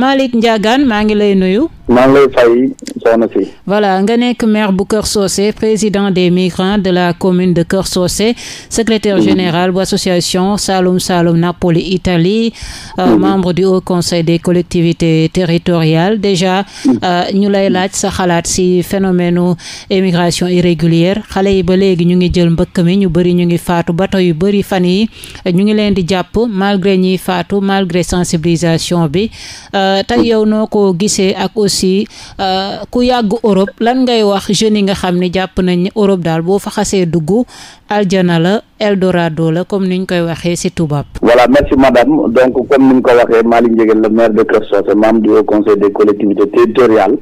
Malick Ndiagane maa ngi lay nuyu. maa ngi soxna voilà nga nekk maire bu Kër Socé président des migrants de la commune de Kër Socé secrétaire mm-hmm. général bu association Saloum Saloum Napoli Italie euh, mm-hmm. membre du Haut Conseil des collectivités territoriales déjà mm-hmm. euh, ñu lay laaj sa xalaat si phénomène u émigration irrégulière xale yi ba léegi ñu ngi jël mbëkk mi ñu bëri ñu ngi faatu bato yu bëri fan yi euh, ñu ngi leen di jàpp malgré ñiy faatu malgré sensibilisation bi tey yow noo ko gisee ak aussi ku yàgg Europe lan ngay wax jeunes yi nga xam ni jàpp nañ Europe daal boo fa xasee dugg aljana la Eldorado la comme niñ koy waxee ci tubaab. voilà merci madame donc comme ni mu ko waxee Malick Ndiéguène le maire de Keur Socé membre du haut conseil des collectivités territoriales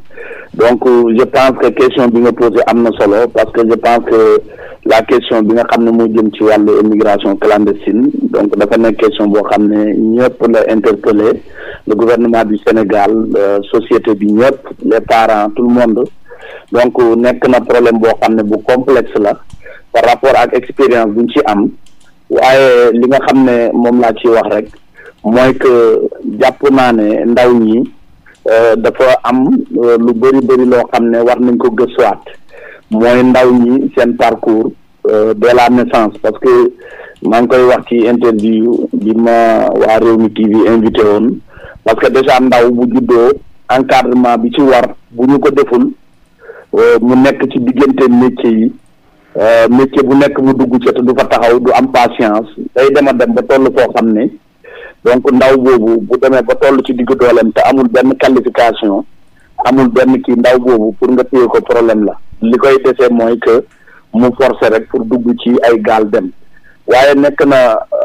donc je pense que question bi nga posé am na solo parce que je pense que la question bi nga xam ne moo jëm ci wàllu immigration clandestine donc dafa nekk question boo xam ne ñëpp la interpellé le gouvernement du Sénégal société bi ñëpp les parents tout le monde donc nekk na problème boo xam ne bu complexe la par rapport ak expérience bu ñu ci am waaye li nga xam ne moom laa ci wax rek mooy que jàpp naa ne ndaw ñi euh, dafa am euh, lu bëri bëri loo xam ne war nañ ko gëstuwaat. mooy ndaw ñi seen parcours euh, dès la naissance parce que maa ngi koy wax ci interview bi ma waa Rewmi TV invité woon parce que déjà ndaw bu juddoo encadrement bi ci war bu ñu ko deful euh, mu nekk ci diggante métier yi euh, métier bu nekk mu dugg ci te du fa taxaw du am patience day dema dem ba toll koo xam ne donc ndaw boobu bu demee ba toll ci diggu dooleem te amul benn qualification amul benn kii ndaw boobu pour nga téye ko problème la li koy desee mooy que mu forcer rek pour dugg ci ay gaal dem waaye nekk na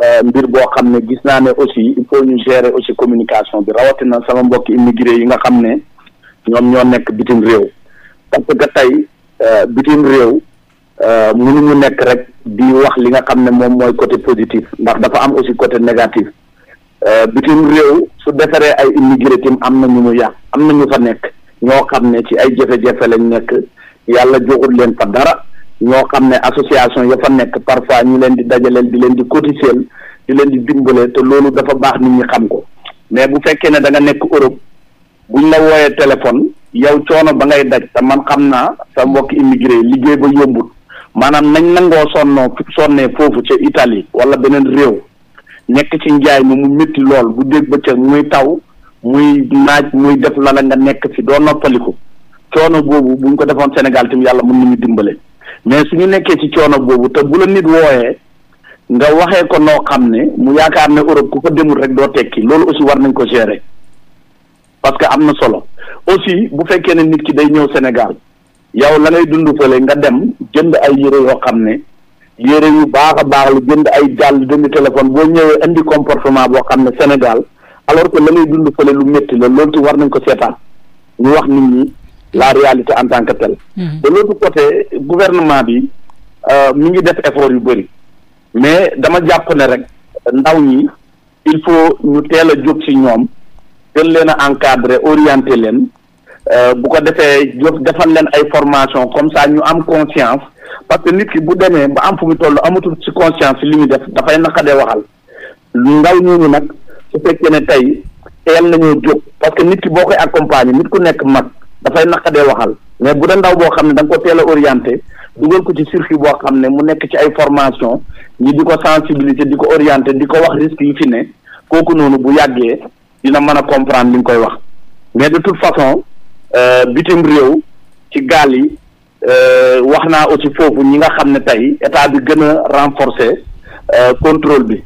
euh, mbir boo xam ne gis naa ne aussi il faut ñu gérer aussi communication bi rawatina sama mbokki immigré yi nga xam ne ñoom ñoo nekk bitim réew parce que tey euh, bitim réew euh, mënuñu nekk rek di wax li nga xam ne moom mooy côté positif ndax dafa am aussi côté négatif bitim réew su defaree ay immigré tim am na ñu mu yàq am na ñu fa nekk ñoo xam ne ci ay jafe-jafe lañ nekk yàlla joxul leen fa dara ñoo xam ne association ya fa nekk parfois ñu leen di dajaleel di leen di cotiseel di leen di dimbale te loolu dafa baax nit ñi xam ko mais bu fekkee ne da nga nekk Europe ñu la wooyee téléphone yow coono ba ngay daj te man xam naa sa mbokk immigré liggéey ba yombut maanaam nañ nangoo sonnoo sonnee foofu ca Italie wala beneen réew nekk ci njaay mi mu métti lool bu dégg bëccëg muy taw muy naaj muy def la la nga nekk fi doo noppaliku coono boobu buñ ko defoon Sénégal tamit yàlla mën nañu dimbale mais su ñu nekkee ci coono boobu te bu la nit wooyee nga waxee ko noo xam ne mu yaakaar ne Europe ku ko demul rek doo tekki loolu aussi war nañ ko gérer parce que am na solo aussi bu fekkee ne nit ki day ñëw Sénégal yow la ngay dund fële nga dem jënd ay yére yoo xam ne yére yu baax a baax lu jënd ay jàll jënd téléphone boo ñëwee indi comportement boo xam ne Sénégal alors que la ngay dund fële lu métti la loolu war nañ ko seetaan la réalité en tant que telle. Hmm. de l' autre gouvernement bi euh, mu ngi def effort yu bëri mais dama jàpp ne rek ndaw ñi il faut ñu teel a jóg ci ñoom gën leen a encadrer orienter leen euh, bu ko defee jóg defal leen ay formation comme ça ñu am conscience parce que nit ki bu demee ba am fu mu toll amatul ci conscience li ñu def dafay naqadee waxal ndaw ñooñu nag su fekkee ne tey teel nañoo jóg parce que nit ki boo koy accompagner nit ku nekk mag. dafay naqadee waxal mais bu dee ndaw boo xam ne da ko teel a orienté dugal ko ci circuit boo xam ne mu nekk ci ay formation ñi di ko sensibiliser di ko orienté di ko wax risque yi fi ne kooku noonu bu yàggee dina mën a comprendre li nga koy wax mais de toute façon euh, bitim réew ci gaal yi euh, wax naa aussi foofu ñi nga xam ne tey état bi gën a renforcer euh, contrôle bi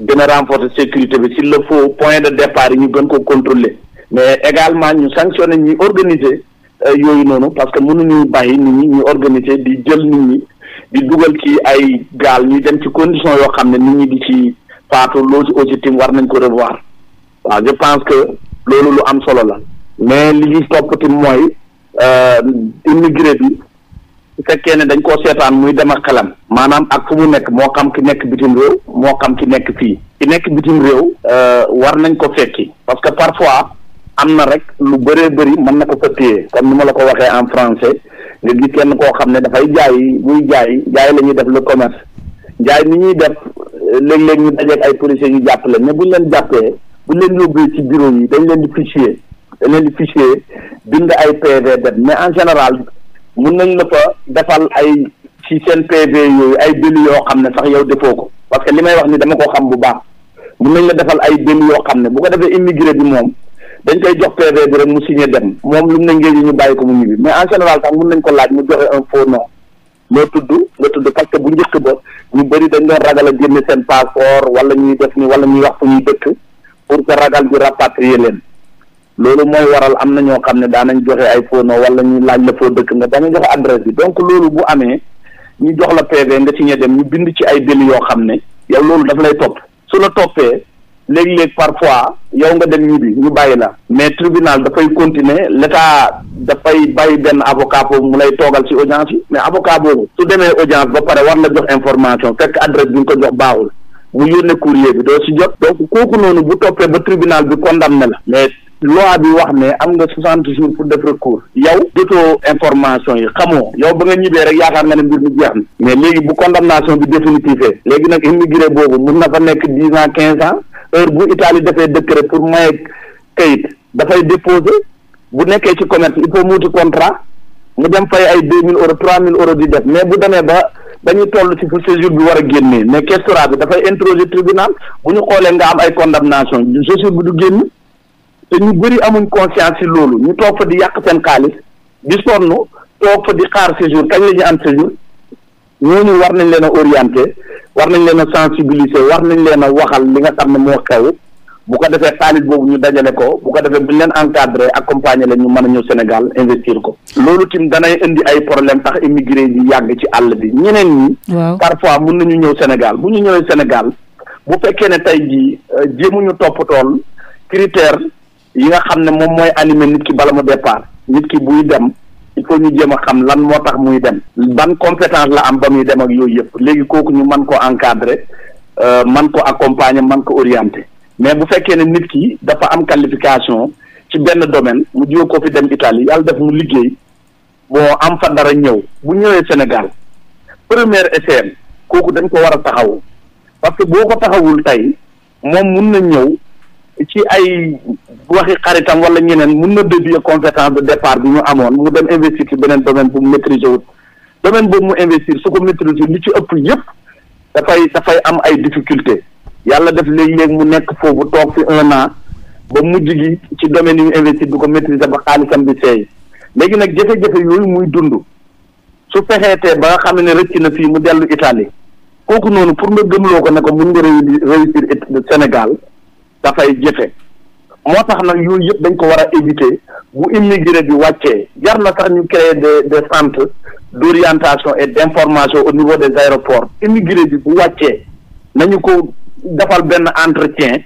gën a renforcer sécurité bi s'il le faut point de départ yi ñu gën ko contrôler mais également ñu sanctionné ñu organiser euh, yooyu noonu parce que mënuñu bàyyi nit ñi ñu organiser di jël nit ñi di dugal ci ay gaal ñu dem ci condition yoo xam ne nit ñi di ci faatu loolu aussi tim war nañ ko revoir waaw je pense que loolu lu am solo la mais li ñuy toppati mooy euh, immigré bi su fekkee ne dañ koo seetaan muy dem ak xelam maanaam ak fu mu nekk moo xam ki nekk bitim réew moo xam ki nekk fii ki nekk bitim réew euh, war nañ ko fekki parce que parfois am na rek lu bëree bëri mën na ko fa téye comme ni ma la ko waxee en français nga gis kenn koo xam ne dafay jaay muy jaay jaay la ñuy def le commerce jaay ni ñuy def léeg-léeg ñu dajeeg ay policiers ñu jàpp leen mais buñ leen jàppee buñ leen yóbbee ci bureau yi dañ leen di fichier dañ leen fichier bind ay PV dem mais en général mun nañ la ko defal ay ci seen PV yooyu ay délits yoo xam ne sax yow defoo ko parce que li may wax ni dama ko xam bu baax mun nañ la defal ay délits yoo xam ne bu ko defee immigré bi moom dañ koy jox PV bi rek mu signé dem moom lu mu ne ngeen ñu bàyyi ko mu ñibbi mais en général sax mun nañ ko laaj mu joxe un faux nom loo tudd nga tudd parce que bu njëkk ba ñu bëri dañ doon ragal a génne seen passeport wala ñuy def ni wala ñuy wax fu ñuy dëkk pour que ragal bi rapatrier leen loolu mooy waral am na ñoo xam ne daan nañ joxe ay faux nom wala ñuy laaj la foo dëkk nga bañ a joxe adresse bi donc loolu bu amee ñu jox la PV nga signé dem ñu bind ci ay délits yoo xam ne yow loolu daf lay topp su la toppee. léegi léeg parfois yow nga dem ñibbi ñu bàyyi la mais tribunal dafay continuer l'état dafay bàyyi benn avocat boobu mu lay toogal ci audience yi mais avocat boobu su demee audience ba pare war la jox information fekk adresse bi ñu ko jox baaxul bu yónnee courrier bi doo si jot donc kooku noonu bu toppee ba tribunal bi condamné la mais loi bi wax ne am nga soixante jours pour def recours yow jotoo information yi xamoo yow ba nga ñibbee rek yaakaar nga ne mbir jeex na mais léegi bu condamnation bi définitive léegi nag immigré boobu mun na nekk dix ans quinze ans heure bu Italie defee décret pour maye kayit dafay déposer bu nekkee ci commerce il faut mu wuti contrat mu dem fay ay deux mille euros trois mille euros di def mais bu demee ba dañuy toll ci fu séjour bi war a génnee mais questorat bi dafay introduire tribunal bu ñu xoolee nga am ay condamnation séjour bi du génn te ñu bëri amuñ conscience ci loolu ñu toog fa di yàq seen xaalis di sonn toog fa di xaar séjour kañ la ñu am séjour ñooñu war nañ leen a orienté war nañ leen a wax war nañ leen a waxal li nga xam ne moo xew bu ko defee xaalis boobu ñu dajale ko bu ko defee bu ñu leen encadré accompagner leen ñu mën a ñëw Sénégal investir ko loolu tim danay indi ay problème tax immigré yi yàgg ci àll bi ñeneen ñi parfois mun nañu ñëw Sénégal bu ñu ñëwee Sénégal bu fekkee ne tey jii euh, jéemuñu topp tool critère yi nga xam ne moom mooy animé nit ki bala mu départ nit ki buy dem il faut ñu jéem a xam lan moo tax muy dem ban compétence la am ba muy dem ak yooyu yëpp léegi kooku ñu mën ko encadrer euh, man ko accompagner man ko orienter mais bu fekkee ne nit ki dafa am qualification ci benn domaine mu jóge ko fi dem Italie yàlla def mu liggéey boo am fa dara ñëw bu ñëwee Sénégal première SM kooku dañ ko war a taxaw parce que boo ko taxawul tey moom mun na ñëw ci ay waxi xaritam wala ñeneen mun na dévier compétence de départ bi ñu amoon mu dem investir ci beneen domaine bu mu maîtriser wut domaine boobu mu investir su ko maîtriser li ci ëpp yëpp dafay dafay am ay difficulté yàlla def léegi léeg mu nekk foofu toog fi un an ba mujj gi ci domaine yu investir du ko maîtriser ba xaalisam bi seey léegi nag jafe-jafe yooyu muy dund su fexeetee ba nga xam ne rëcc na fii mu dellu Italie kooku noonu pour nga gëmloo ko ne ko mun nga réussir Sénégal dafay jafe moo tax nag yooyu yëpp dañ ko war a éviter bu immigré bi wàccee jar na sax ñu créer de de centres d'orientation et information au niveau des aéroports immigré bi bu wàccee nañu ko defal benn entretien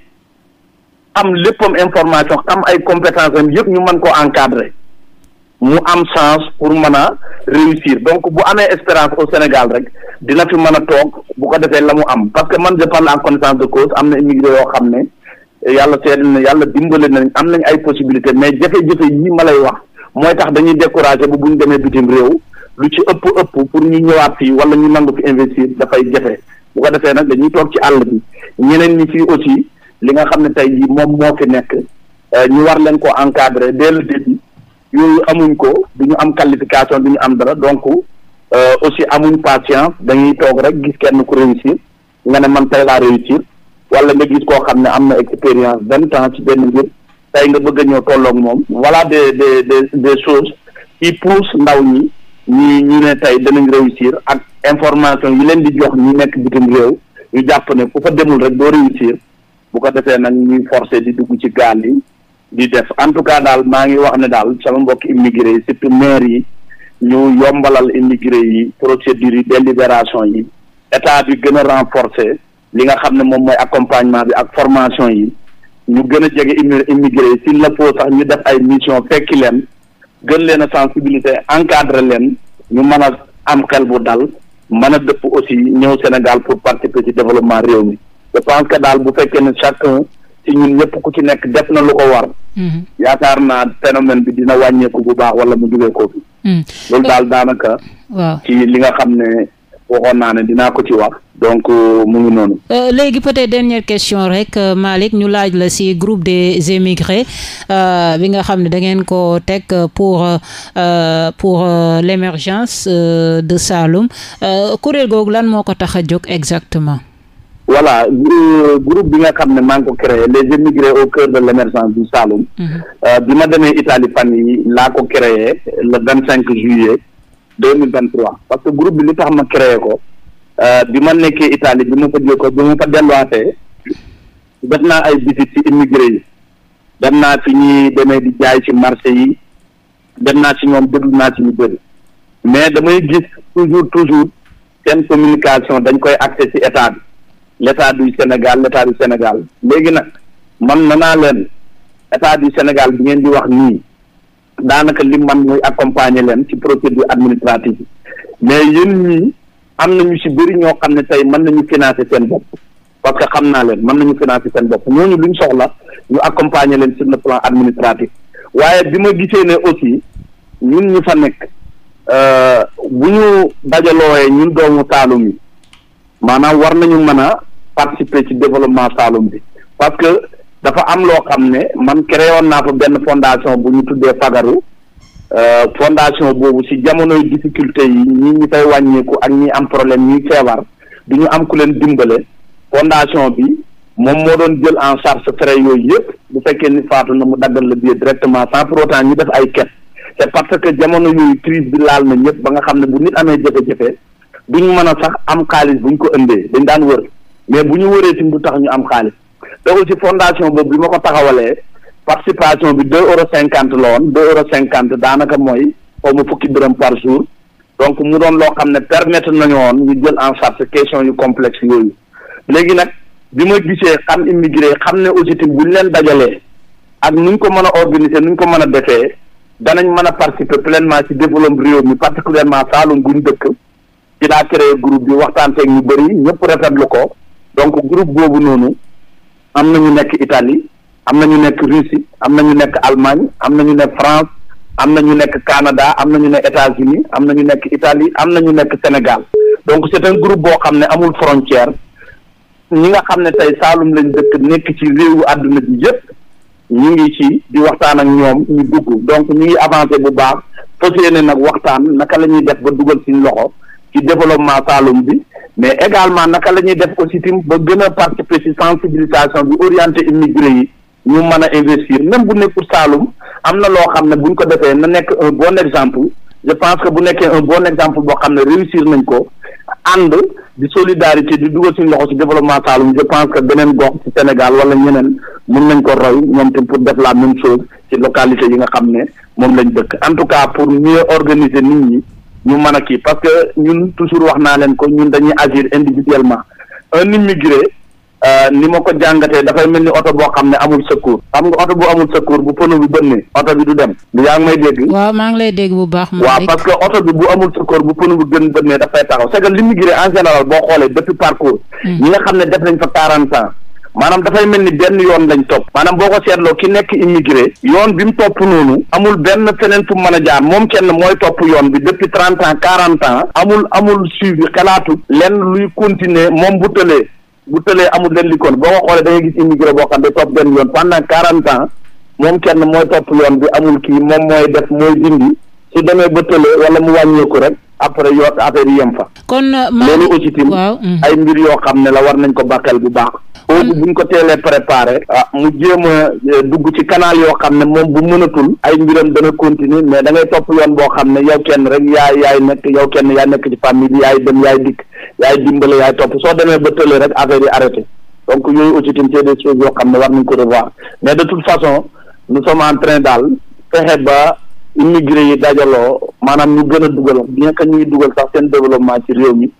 am léppam information am ay compétence am yëpp ñu man ko encadrer mu am chance pour mën a réussir donc bu amee espérance au Sénégal rek dina fi man a toog bu ko defee la mu am parce que man je parle en connaissance de cause am na immigré yoo xam ne yàlla seet na yàlla dimbale nañ am nañ ay possibilité mais jafe-jafe yi ma lay wax mooy tax dañuy découragé bu buñ demee bitim réew lu ci ëpp ëpp pour ñu ñëwaat fii wala ñu nangu fi investir dafay jafe bu ko defee nag dañuy toog ci àll bi ñeneen ñi fii aussi li nga xam ne tey jii moom moo fi nekk euh, ñu war leen ko encadrer dès le yooyu amuñ ko du ñu am qualification du ñu am dara donc euh, aussi amuñ patience dañuy toog rek gis kenn ku réussir nga ne man tey laa réussir wala nga gis koo xam ne am na expérience benn ans ci benn mbir tey nga bëgg a ñëw tolloog moom voilà de des des des choses qui pousse ndaw ñi ñi ñu ne tey danañ réussir ak information yi leen di jox ñu nekk bitim réew ñu jàpp ne ku fa demul rek doo réussir bu ko defee nag ñuy forcé di dugg ci gaal yi di def en tout cas daal maa ngi wax ne daal sama mbokk immigré yi surtout maire yi ñu yombalal immigré yi procédures yi délibération yi état bi gën a renforcer li nga xam ne moom mooy accompagnement bi ak formation yi ñu gën a jege immigré yi s'il le faut sax ñu def ay mission fekki leen gën leen a sensibiliser encadrer leen ñu man a am xel bu dal man a dëpp aussi ñëw Sénégal pour participer ci développement réew mi je que daal bu fekkee ne chacun ci ñun ñëpp ku ci nekk def na lu ko war mm-hmm. yaakaar naa phénomène bi dina wàññeeku bu baax wala mu jógee ko fi mm-hmm. loolu daal daanaka ci li nga xam ne waxoon naa ne dinaa ko ci wax donc euh, mu ngi noonu. Euh, léegi peut-être dernière question rek euh, Malick ñu laaj la ci groupe des émigrés bi nga xam ne da ngeen ko teg pour pour l'émergence de Saloum kuréel googu lan moo ko tax a jóg exactement. voilà groupe bi nga xam ne maa ngi ko créé les émigrés au cœur de l'émergence du Saloum. Mhm. bi ma demee Italie fan yi laa ko créé le vingt cinq juillet deux mille vingt trois parce que groupe bi li tax ma créé ko. Euh, bi ma nekkee Italie bi ma fa jógee bi ma fa delluwaatee def naa ay visite ci immigré yi dem naa fi ñuy demee di jaay ci marché yi dem naa ci ñoom déglu naa ci ñu bëri mais damay gis toujours toujours seen communication dañ koy accès ci état bi l' état du Sénégal l' état du Sénégal léegi nag man na naa leen état du Sénégal bi ngeen di wax nii daanaka li man muy accompagner leen ci procédure administrative mais yéen ñii am na ñu si bëri ñoo xam ne tey mën nañu financer seen bopp parce que xam naa leen man na nañu financer seen bopp ñooñu luñ soxla ñu accompagner leen sur le plan administratif waaye bi ma gisee ne aussi ñun ñu fa nekk euh, bu ñu dajalooyee ñun doomu Saalum yi maanaam war nañu mën a participer ci développement Saalum bi parce que dafa am loo xam ne man créé woon naa fa benn fondation bu ñu tuddee Fagaru Euh, fondation boobu ci jamonoy difficulté yi ñi ñi fay wàññeeku ak ñii am problème ñuy feebar du ñu am ku leen dimbale fondation bi moom moo doon jël en charge frais yooyu yëpp bu fekkee ni faatu na mu daggal la biir directement sans pour autant ñu def ay ket c'est parce que jamono yooyu crise bi laal na ñëpp ba nga xam ne bu nit amee jafe-jafe duñ mën a sax am xaalis buñ ko ëndee dañ daan wër mais bu ñu wëree tim du tax ñu am xaalis te aussi ko taxawalee participation bi deux euros cinquante la woon deux euros cinquante daanaka mooy xaw ma fukki dërëm par jour donc mu doon loo xam ne permettre nañu woon ñu jël en charge question yu complexe yooyu léegi nag bi ma gisee xam immigré xam ne aussi tamit buñ leen dajalee ak nu ñu ko mën a organiser ñu ko mën a defee danañ mën a participer pleinement ci développement réew mi particulièrement Saloum guñ dëkk ci laa créé group bi waxtaan ak ñu bëri ñëpp rafetlu ko donc groupe boobu noonu am na nekk Italie am na ñu nekk Russie am na ñu nekk Allemagne am na ñu nekk France am na ñu nekk Canada am na ñu nekk États-Unis am na ñu nekk Italie am na ñu nekk Sénégal donc c'est un groupe boo xam ne amul frontière ñi nga xam ne tey Saalum lañ dëkk nekk ci réewu àdduna bi yëpp ñu ngi ci di waxtaan ak ñoom ñu dugg donc ñu ngi avancé bu baax fas yéene nag waxtaan naka la ñuy def ba dugal suñu loxo ci développement Saalum bi mais également naka la ñuy def aussi tim ba gën a participer ci sensibilisation bi orienté yi ñu mën a investir même bu nekkul Saalum am na loo xam ne buñ ko defee na nekk un bon exemple je pense que bu nekkee un bon exemple boo xam ne réussir nañ ko ànd di solidarité di dugal suñu loxo ci développement Saalum je pense que beneen gox ci Sénégal wala ñeneen mun nañ ko roy ñoom tam pour def la même chose ci localité yi nga xam ne moom lañ dëkk en tout cas pour mieux organiser nit ñi ñu mën a kii parce que ñun toujours wax naa leen ko ñun dañuy agir individuellement un immigré Euh, ni ma ko jàngate dafay mel ni oto boo xam ne amul secours xam nga oto bu amul secours bu pneu bi bënni oto bi du dem du yaa ngi may dégg waaw maa ngi lay dégg bu baax waaw parce que oto bu amul secours bu pneu bi gën bënnee dafay taxaw c'est que l'immigré en général boo xoolee depuis parcours hmm. ñi nga xam ne def nañ fa quarante ans maanaam dafay mel ni benn yoon lañ topp maanaam boo ko seetloo ki nekk immigré yoon bi mu topp noonu amul benn feneen fu mën a jaar moom kenn mooy topp yoon bi depuis trente ans quarante ans amul amul suivi xalaatu lenn luy continuer moom bu tëlee bu tëlee amul leen li kon boo ko xoolee da ngay gis immigré boo xam ne topp benn yoon pendant quarante ans moom kenn mooy topp yoon bi amul kii moom mooy def mooy dindi su demee ba tele wala mu wàññeeku rek après yoo affaire yem fa. kon euh, loolu aussi tim mm. ay mbir yoo xam ne la war nañ ko bàkkal bu baax. boobu bu ñu ko teelee préparé. ah mu jéem euh, dugg ci canal yoo xam ne moom bu mënatul. ay mbiram dana continuer mais da ngay topp yoon boo xam ne yow kenn rek yaay yaay nekk yow kenn yaa nekk ci famille bi yaay dem yaay dikk. yaay dimbale yaay topp soo demee ba tële rek affaire yi arrêté donc yooyu aussi tamit c'est des choses yoo xam ne war nañ ko revoir mais de toute façon nous sommes en daal fexe ba immigré yi dajaloo maanaam ñu gën a dugal bien que ñuy dugal sax seen développement ci réew mi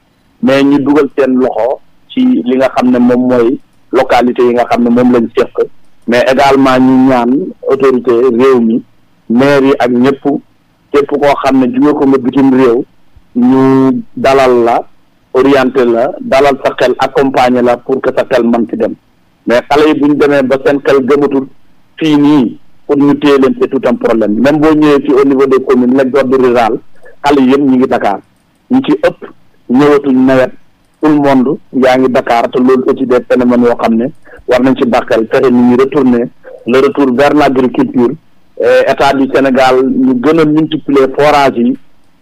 mais ñu dugal seen loxo ci li nga xam ne moom mooy localité yi nga xam ne moom lañ seq mais également ñu ñaan autorité réew mi maire yi ak ñëpp képp koo xam ne jóge ko nga bitim réew ñu dalal la orienté la dalal sa xel accompagner la pour que sa xel man ci dem mais xale yi bu ñu demee ba seen xel gëmatul fii nii pour ñu téye leen c'est tout un problème même boo ñëwee fii au niveau commune communes l'exode rural xale yi yëpp ñu ngi Dakar ñu ci ëpp ñëwatuñ nawet tout monde yaa ngi Dakar te loolu aussi des phénomènes yoo xam ne war nañ ci bàkkal fexe ni ñu retourner le retour vers l'agriculture état du Sénégal ñu gën a multiplier forage yi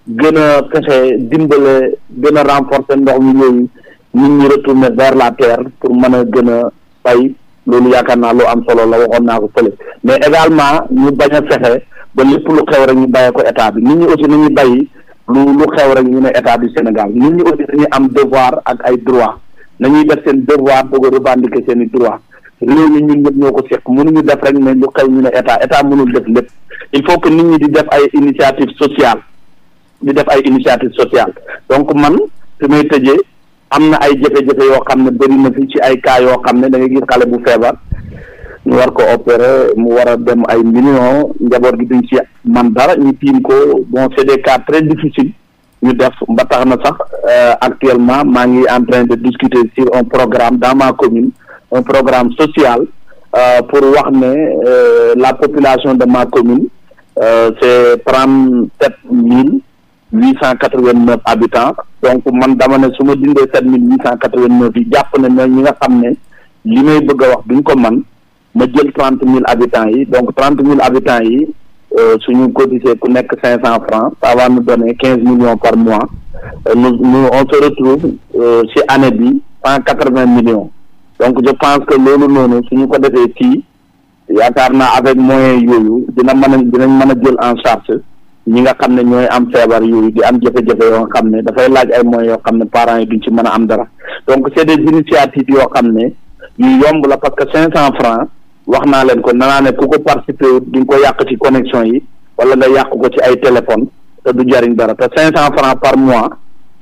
gën a fexe dimbale gën a renforcer ndox mi yooyu nit ñi retourner vers la terre pour mën a gën a bay loolu yaakaar naa loo am solo la waxoon naa ko fële mais également ñu bañ a fexe ba lépp lu xew rek ñu bàyyee ko état bi nit ñi aussi nañu bay lu lu xew rek ñu ne état du Sénégal nit ñi aussi dañuy am devoir ak ay droit nañuy def seen devoir bëgg a revendiquer seen i droit réew mi ñu ñëpp ñoo ko seq mënuñu def rek ne lu xew ñu ne état état mënul def lépp il faut que nit ñi di def ay initiative sociale di def ay initiative sociale donc man su may tëjee am na ay jafe-jafe yoo xam ne bëri na fi ci ay cas yoo xam ne da ngay gis xale bu feebar ñu war ko opérer mu war a dem ay millions njaboot gi duñ ci man dara ñu tiim ko bon c'est des cas très difficiles ñu def ba tax na sax euh, actuellement maa ngi en train de discuter sur un programme dans commune un programme social euh, pour wax ne euh, la population de ma commune c'est trente-sept mille huit cent quatre vingt neuf habitants donc man dama ne su ma dindee sept mille huit cent quatre vingt neuf yi jàpp ne ñi nga xam ne li may bëgg a wax duñ ko man ma jël trente mille habitants yi donc trente mille habitants yi euh, suñu cotisé ku nekk cinq cent francs ça va nous donner quinze millions par mois euh, nous nous on se retrouve euh, ci année bi cent quatre vingt millions donc je pense que loolu noonu ñu ko defee fii yaakaar naa avec moyens yooyu dina mën a dinañ mën a jël en charge ñi nga xam ne ñooy am feebar yooyu di am jafe-jafe yoo nga xam ne dafay laaj ay moyens yoo xam ne parents yi duñ ci mën a am dara donc c'est des initiatives yoo xam ne yu yomb la parce que cinq cent francs wax naa leen ko nanaa ne ku ko participer wut di ko yàq ci connexion yi wala nga yàq ko ci ay téléphone te du jariñ dara te cinq cent francs par mois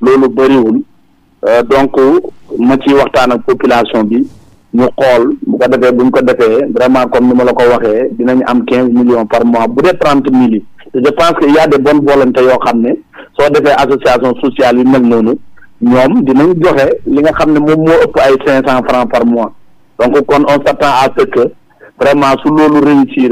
loolu bëriwul euh, donc ma ciy waxtaan ak population bi ñu xool bu ko defee buñ ko defee vraiment comme ni ma la ko waxee dinañ am quinze millions par mois bu dee trente mille je pense que y a des yoo xam ne soo defee association sociale yu mel noonu ñoom dinañ joxe li nga xam ne moom moo ëpp ay cinq cent francs par mois donc kon on s'attend à ce que vraiment su loolu réussir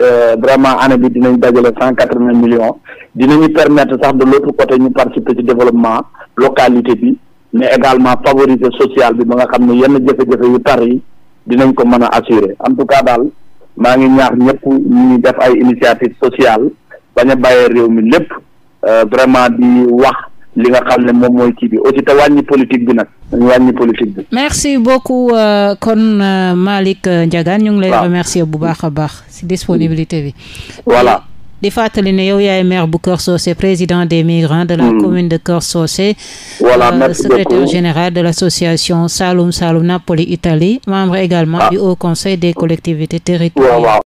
euh, vraiment année bi dinañ dajale cent quatre vingt million dinañu permettre sax de l'autre côté ñu participer ci développement localité bi mais également favoriser sociale bi ba nga xam ne yenn jafe-jafe yu tari yi dinañ ko mën a assurer en tout daal maa ngi ñaax ñëpp ñu def ay initiative sociale bañ bàyyee réew mi lépp euh, vraiment di wax li nga xam ne moom mooy kii bi aussi te wàññi politique bi nag dañu wàññi politique bi. merci beaucoup euh, kon euh, Malick Ndiagane ñu ngi lay remercier bu baax a baax si disponibilité bi. voilà. di fàttali ne yow yaay maire bu Keur Socé président des migrants de la hmm. commune de Keur Socé voilà général de l'association Saloum Saloum Napoli Italie membre également ah. du Haut Conseil des collectivités territoriales